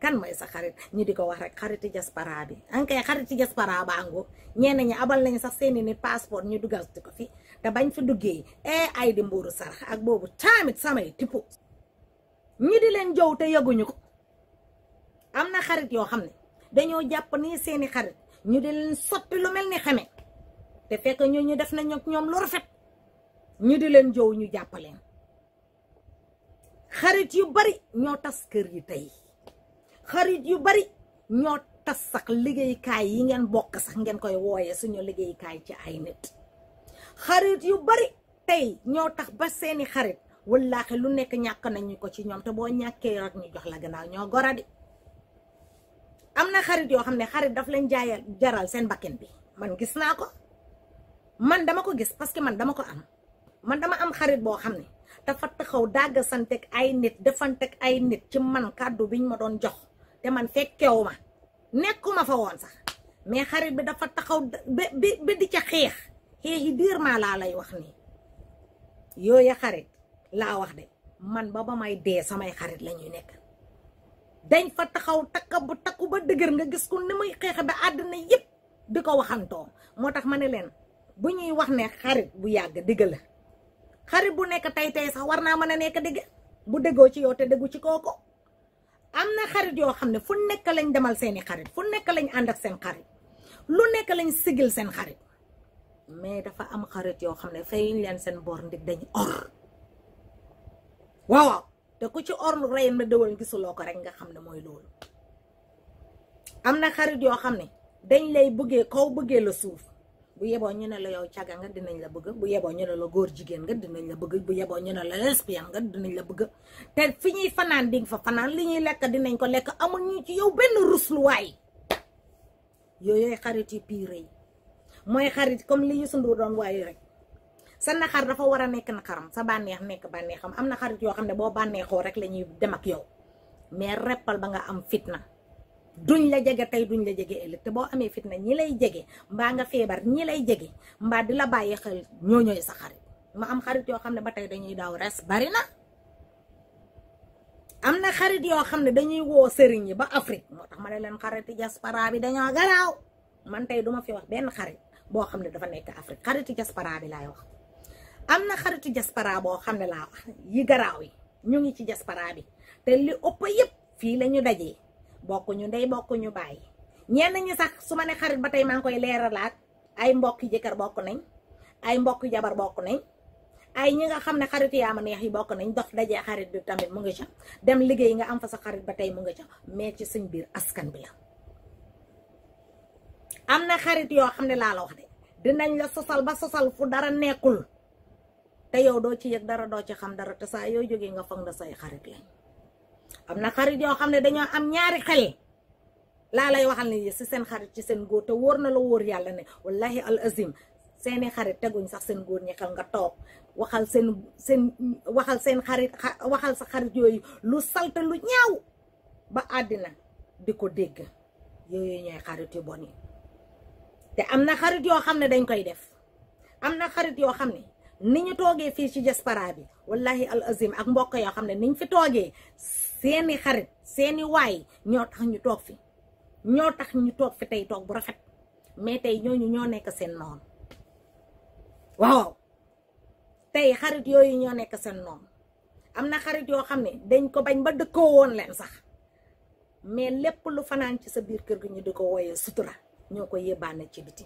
kan mooy sa xarit ñu di ko wax rek xariti jaspara bi ankay xariti jaspara baa ngoog ñenn ñi abal nañ sax seeni nit passeport ñu dugal ci ko fi te bañ fi duggee eh, ay di mbuuru ak boobu tamit samay tippu ñi di leen jow te yëguñu ko am na xarit yoo xam ne dañoo jàpp ni seeni xarit ñu di leen sotti lu mel ni xame te fekk ñu ñu def nañ ñoom lu rafet ñu di leen jow ñu jàppaleen xarit yu bari ñoo tas kër yi tey xarit yu bari ñoo tas sax liggéeyukaay yi ngeen bokk sax ngeen koy wooye suñu liggéeykaay ci ay nit xarit yu bari tey ñoo tax ba seeni xarit wallaahi lu nekk ñàkk nañu ko ci ñoom te boo ñàkkee rag ñu jox la gannaaw ñoo goradi am na xarit yoo xam ne xarit daf leen jaayal jaral seen bakkin bi man gis naa ko man dama ko gis parce que man dama ko am man dama am xarit boo xam ne dafa taxaw dagga santek ay nit defantek ay nit ci man kàddu biñ ma doon jox te man fekkewu ma nekkuma fa woon sax mais xarit bi dafa taxaw ba ba di ca xeex xeexi biir maa laa lay wax nii yooya xarit laa wax de man ba ba may dee samay xarit la ñuy nekk dañ fa taxaw takka bu takku ba dëgër nga gis ko ni muy xeex ba àddina yëpp di ko waxantoo moo tax ma ne leen bu ñuy wax ne xarit bu yàgg dëgg la xarit bu nekk tey tey sax war naa mën a nekk dëgg bu déggoo ci yow te déggu ci kooko am na xarit yoo xam ne fu nekk lañ demal seeni xarit fu nekk lañ ànd ak seen xarit lu nekk lañ sigil seen xarit mais dafa am xarit yoo xam ne fayuñ leen seen boor ndig dañ or waaw te ku ci or lu rey na dëwal gisuloo ko rek nga xam ne mooy loolu am na xarit yoo xam ne dañ lay bëggee koo bëggee la suuf bu yeboo ñu ne la yow caga nga dinañ la bëgg bu yeboo ñu ne la góor jigéen nga dinañ la bëgg bu yeboo ñu ne la lesbienne nga dinañ la bëgg te fi ñuy fanaan di nga fa fanaan li ñuy lekk dinañ ko lekk amul ñu ci yow benn rusluwaay yooyooy xarit yi pire yi mooy xarit comme li ñu sundu doon waaye rek sa naxar dafa war a nekk naxaram sa bànneex nekk bànneexam am na xarit yoo xam ne boo bànneexoo rek la ñuy dem ak yow mais reppal ba nga am na duñ la jege tey duñ la jege ëllëg te boo amee fitna ñi lay jege mbaa nga feebar ñi lay jege mbaa di la bàyyi xel ñoo ñooy sa xarit ma am xarit yoo xam ne ba tey dañuy daaw res bari na am na xarit yoo xam ne dañuy woo sëriñ yi ba Afrique moo tax ma ne leen bi dañoo garaaw man duma fi wax benn xarit boo xam ne dafa nekk Afrique xariti diaspora bi laay wax am na xaritu diaspora xam ne laa yi garaaw yi ñu ngi ci diaspora bi te li ëpp yëpp fii lañu ñu dajee bokkuñu ndey bokkuñu bàyyi ñenn ñi sax su ma ne xarit ba tey maa ngi koy leeralaat ay mbokki jëkkër bokk nañ ay mbokki jabar bokk nañ ay ñi nga xam ne xarit yaa ma neex yi bokk nañ dox dajee xarit bi tamit mu ngi ca dem liggéey nga am fa sa xarit ba tey mu nga ca mais ci sañ biir askan bi la am na xarit yoo xam ne laa la wax de dinañ la sosal ba sosal fu dara nekkul te yow doo ci yëg dara doo ci xam dara te saa yoo jógee nga foog na say xarit lañ am na xarit yoo xam ne dañoo am ñaari xel laa lay waxal ne si seen xarit ci seen góor te wóor na la wóor yàlla ne wallahi al azim seeni xarit teguñ sax seen góor ñi xel nga toog waxal seen seen waxal seen xarit sa xarit yooyu lu salte lu ñaaw ba àddina di ko dégg yooyu ñooy xarit yu bon yi te am na xarit yoo xam ne dañ koy def am na xarit yoo xam ne ni ñu toogee fii ci diaspora bi wallahi al azim ak mbokk yoo xam ne niñ fi toogee seeni xarit seeni waay ñoo tax ñu toog fi ñoo tax ñu toog fi tey toog bu rafet mais tey ñooñu ñoo nekk seen noonu waaw tey xarit yooyu ñoo nekk seen noonu am na xarit yoo xam ne dañ ko bañ ba dëkkoo woon leen sax mais lépp lu fanaan ci sa biir kër gi ñu di ko wooyee sutura ñoo ko yébaane ci biti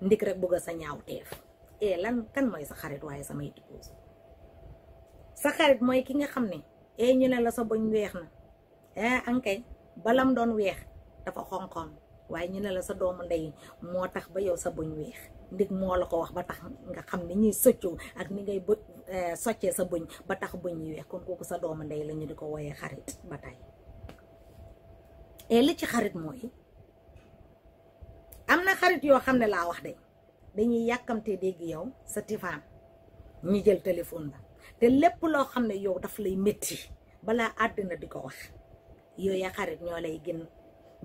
ndik rek bëgg sa ñaaw teef e eh lan kan mooy sa xarit waaye samay dipose sa xarit mooy ki nga xam ne ee eh, ñu ne la sa bëñ weex na eh ankay balam doon weex dafa xonqoon waaye ñu ne la sa doomu ndey moo tax ba yow sa bëñ weex ndig moo la ko wax ba tax nga xam ni ñuy soccoo ak ni ngay bë eh, soccee sa bëñ ba tax bëñ yi weex kon kooku sa doomu ndey la ñu di ko wooyee xarit ba tay et eh, li ci xarit mooy am na xarit yoo xam ne laa wax de dañuy yàkkamtee dégg yow sa tifaan ñu jël téléphone ba te lépp loo xam ne yow daf lay métti balaa àddina di ko wax yooya xarit ñoo lay gën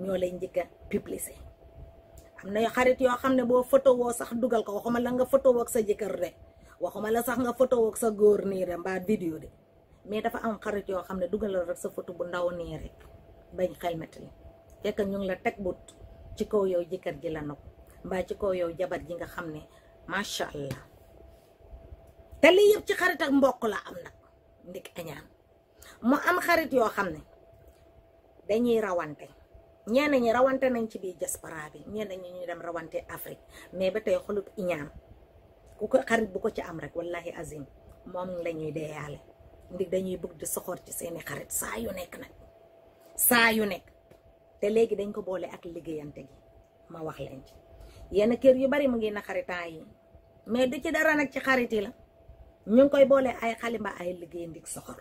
ñoo lay njëkk a am na xarit yoo xam ne boo photo woo sax dugal ko waxuma la nga photo woo ak sa jëkkër de waxuma la sax nga photo woo sa góor nii de mbaa vidéo de mais dafa am xarit yoo xam ne dugalal rek sa photo bu ndaw nii rek bañ xelmeti la fekk ñu ngi la teg but ci kaw yow jëkkër ji la nopp mbaa ci kaw yow jabar ji nga xam ne macha allah. te lii yëpp ci xarit ak mbokk la am nag ndik añaan mu am xarit yoo xam ne dañuy rawante ñenn ñi rawante nañ ci biir diaspora bi ñenn ñi ñuy dem rawante Afrique mais ba tey xolub iñaan ku ko xarit bu ko ci am rek wallahi azim moom la ñuy deeyaale ndig dañuy bëgg di soxor ci seeni xarit saa yu nekk nag saa yu nekk te léegi dañ ko boole ak liggéeyante gi ma wax leen ci yenn kër yu bari mu ngi na xaritaa yi mais du ci dara nag ci xarit yi la ñu ngi koy boolee ay xalimba ay liggéey ndig soxor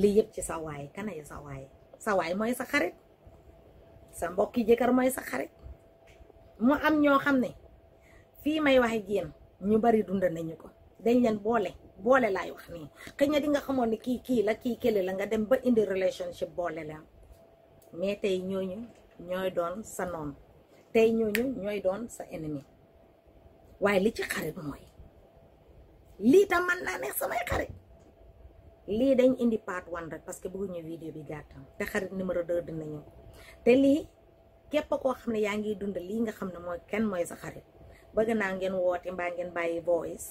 lii yëpp ci sa waay kanay sa waay sa waay mooy sa xarit sa mbokki jëkkër mooy sa xarit mu am ñoo xam ne fii may waxe jéen ñu bari dunda nañu ko dañ leen boole boole laay wax nii xëy na nga xamoon ni kii kii la kii kële la nga dem ba indi relationship boole la mais tey ñooñu ñooy doon sa noon tey ñooñu ñooy doon sa ennemi waaye li ci xarit mooy li tam man la neex samay xarit li dañ indi part 1 rek parce que bëggu ñu vidéo bi gàttam te xarit numéro 2 dina ñu te li képp ko xam ya ngi dund li nga xam moy kèn moy sa xarit bëgg na ngeen woti mba ngeen bayyi voice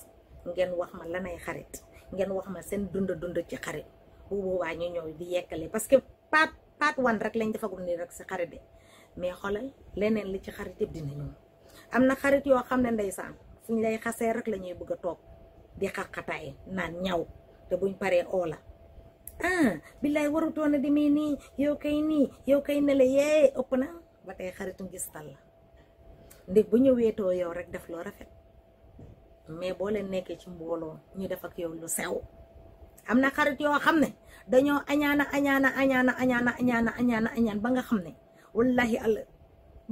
ngeen wax ma la nay xarit ngeen wax ma seen dund dund ci xarit bu boobaa ñu ñoy di yekkale parce que part part 1 rek lañ defagul ni rek sa xarit de mais xolal leneen li ci xarit yëpp dina ñu amna xarit yo xam ndaysan ndeysaan lay xasee rek lañuy bëgg a di xaqataay naan ñaw te buñ paree oola ah billaay warutoon di demee nii yow kay nii yow kay ne la yee ëpp na ba tey xaritu ngis tal la ndég bu ñu weetoo yow rek def loo rafet mais boo leen nekkee ci mbooloo ñu def ak yow lu sew am na xarit yoo xam ne dañoo añaan añaana añaan añaana añaan añaana añaan ba nga xam ne wallahi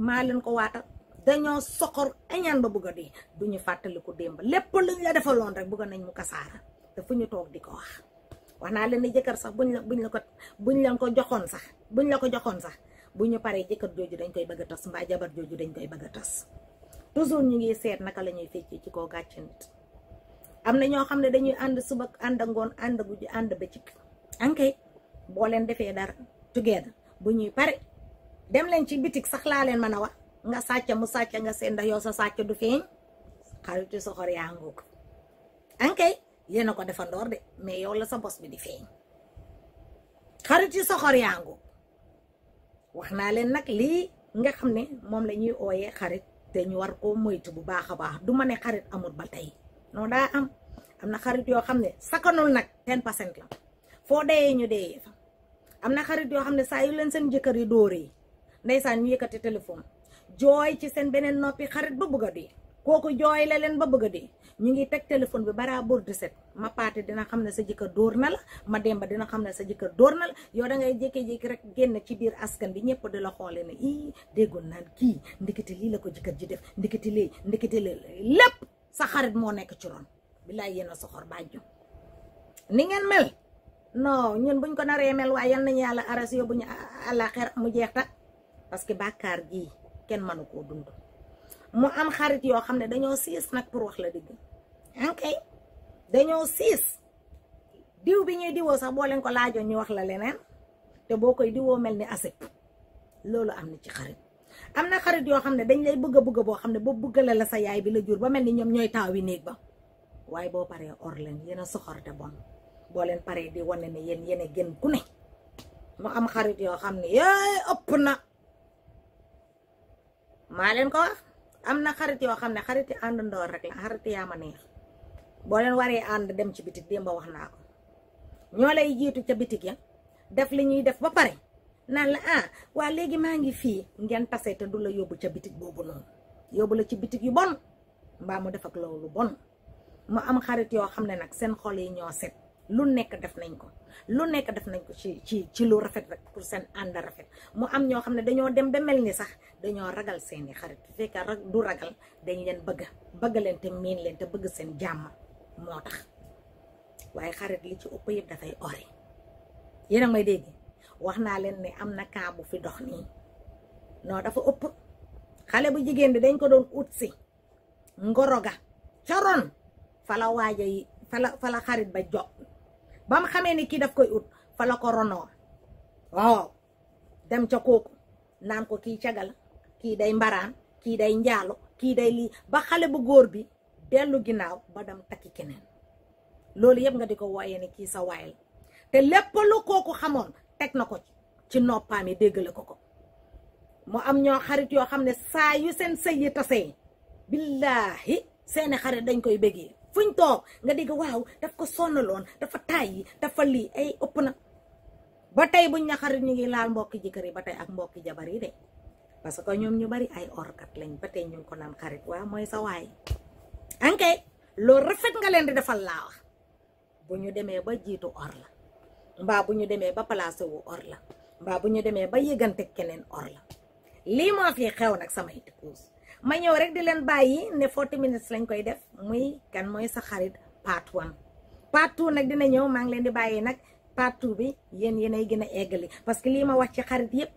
maa leen ko waatal dañoo soxor añaan ba bëgg a dee du ñu fàttaliku démb lépp luñ la defaloon rek bëgg nañ mu kasaara te fu ñu toog di ko wax wax naa leen ni jëkkër sax buñ la buñ la ko buñ la ko joxoon sax buñu la ko joxoon sax bu ñu paree jëkkër jooju dañ koy bëgg a tas mbaa jabar jooju dañ koy bëgg a tas toujours ñu ngi seet naka la ñuy feccee ci koo gàcce nit am na ñoo xam ne dañuy ànd suba ànd ngoon ànd guddi ànd ba ci ankay boo leen defee dara together bu ñuy pare dem leen ci bitik sax laa leen mën a wax nga sàcc mu sàcc nga seen ndax yow sa sàcc du feeñ xaritu soxor yaa ngóog ankay yéen a ko defa defandoor de mais yow la sa bos bi di feeñ yu soxor yaa ngóog wax naa leen nag lii nga xam ne moom la ñuy ooyee xarit te ñu war koo moytu bu baax a baax du ma ne xarit amul ba tey non daa am am na xarit yoo xam ne sakanul nag ten percent la foo deyee ñu deyee fa am na xarit yoo xam ne saa yu leen seen jëkkër yi dóoree ndeysaan ñu yëkkati téléphone. joy ci sen benen nopi xarit ba bëggu di koku joy la len ba bëggu di ñu ngi tek téléphone bi bara bor de set ma paté dina xamné sa jëkkër dóor na la ma demba dina xamné sa jëkkër dóor na la da ngay jékki-jékki rek genn ci biir askan bi ñepp di la xoole ne ii déggoon naan ki ndikiti li la ko jëkkër ji def ndikiti li ndikiti lii sa xarit mo nekk ci ron billahi yena a soxor bàjju ni ngeen mel no ñun buñ ko naré mel waaye yal nañu yàlla aras yóbbu ñu mu jeex ta parce que bakar kenn mënu koo dund mu am xarit yoo xam ne dañoo siis nag pour wax la dëgg ankay dañoo siis diw bi ñuy diwoo sax boo leen ko laajoon ñu wax la leneen te boo koy diwoo mel ni asib loolu am na ci xarit am na xarit yoo xam ne dañ lay bëgg a bëgg boo xam ne bu bëggale la sa yaay bi la jur ba mel ni ñoom ñooy taawi néeg ba waaye boo paree or leen yéen a soxor te bon boo leen paree di wane ne yéen yéen a ku ne mu am xarit yoo xam ne yéey ëpp na maa leen ko wax am na xarit yoo xam ne xariti ànd ndoor rek la xariti yaa ma neex boo leen waree ànd dem ci bitig démb wax naa ko ñoo lay jiitu ca bitig ya def li ñuy def ba pare naan la ah waa léegi maa ngi fii ngeen tase te du la yóbbu ca bitig boobu noonu yóbbu la ci bitig yu bon mbaa mu def ak loolu bon mu am xarit yoo xam ne nag seen xol yi ñoo set lu nekk def nañ ko lu nekk def nañ ko ci ci ci lu rafet rek pour seen ànd rafet mu am ñoo xam ne dañoo dem ba mel ni sax dañoo ragal seeni xarit su fekkee du ragal dañ leen bëgg bëgg leen te miin leen te bëgg seen jàmm moo tax waaye xarit li ci ëpp yëpp dafay ori yéen may dégg wax naa leen ni am na kaabu fi dox nii noo dafa ëpp xale bu jigéen bi dañ ko doon ut si ngoroga coroon fala waaja yi fala fala xarit ba jo ba mu xamee ni kii daf koy ut fa la ko ronoon waaw dem ca kooku naan ko kii cagal kii day mbaraan kii day njaalo kii day lii ba xale bu góor bi dellu ginnaaw ba dem takki keneen loolu yëpp nga di ko wooyee ni kii sa waay la te lépp lu kooku xamoon teg na ko ci ci noppaam yi déggale ko ko mu am ñoo xarit yoo xam ne saa yu seen sëy yi tasee billaahi seeni xarit dañ koy bëggee fuñ toog nga dégg waaw daf ko sonn sonnaloon dafa tàyyi dafa lii ay ëpp na ba tey buñ ñaxarit ñu ngi laal mbokki jëkkër yi ba tey ak mbokki jabar yi de parce que ñoom ñu bari ay orkat lañ ba tey ñu ngi ko naan xarit waaw mooy sa waay anke loolu rafet nga leen di defal laa wax bu ñu demee ba jiitu or la mbaa bu ñu demee ba placé wu or la mbaa bu ñu demee ba yëgante keneen or la lii moo fi xew nag samay dëkkuus ma ñëw rek di leen bàyyi ne 40 minutes lañ koy def muy kan mooy sa xarit part one part two nag dina ñëw maa ngi leen di bàyyi nag part two bi yéen ay gën a eggali parce que lii ma wax ci xarit yëpp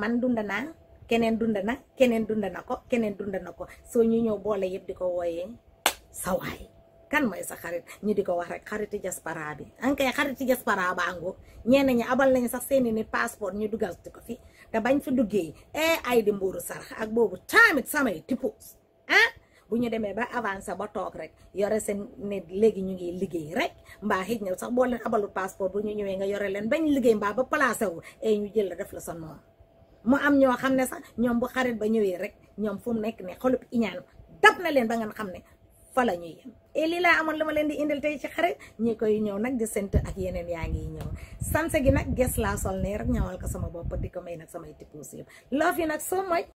man dund naa keneen dund na keneen dund na ko keneen dund na ko soo ñu ñëw boole yëpp di ko wooyee sa waay kan mooy sa xarit ñu di ko wax rek xariti diaspora bi ankay xariti diaspora baa ngoog ñenn ñi abal nañu sax seeni ni passeport ñu dugal ci ko fii te bañ fi duggee ee eh, ay di mbuuru sarax ak boobu tamit samay tipo ah bu ñu demee ba avancé ba toog rek yore seen ne léegi ñu ngi liggéey rek mbaa xëj na sax boo leen abalul passeport bu ñu ñëwee nga yore leen bañ liggéey mbaa ba placé wu ee eh, ñu jël la def la sa noonu mu am ñoo xam ne sax ñoom bu xarit ba ñëwee rek ñoom fu nekk ne xolub iñaan leen ba ngeen xam ne fa la ñuy yem et lii laa amoon lu ma leen di indil tey ci xare ñi koy ñëw nag di sent ak yeneen yaa ngi ñëw sanse gi nag ges laa sol ne rek ñawal ko sama bopp di ko may nag samay tippuus yëpp love you nag so much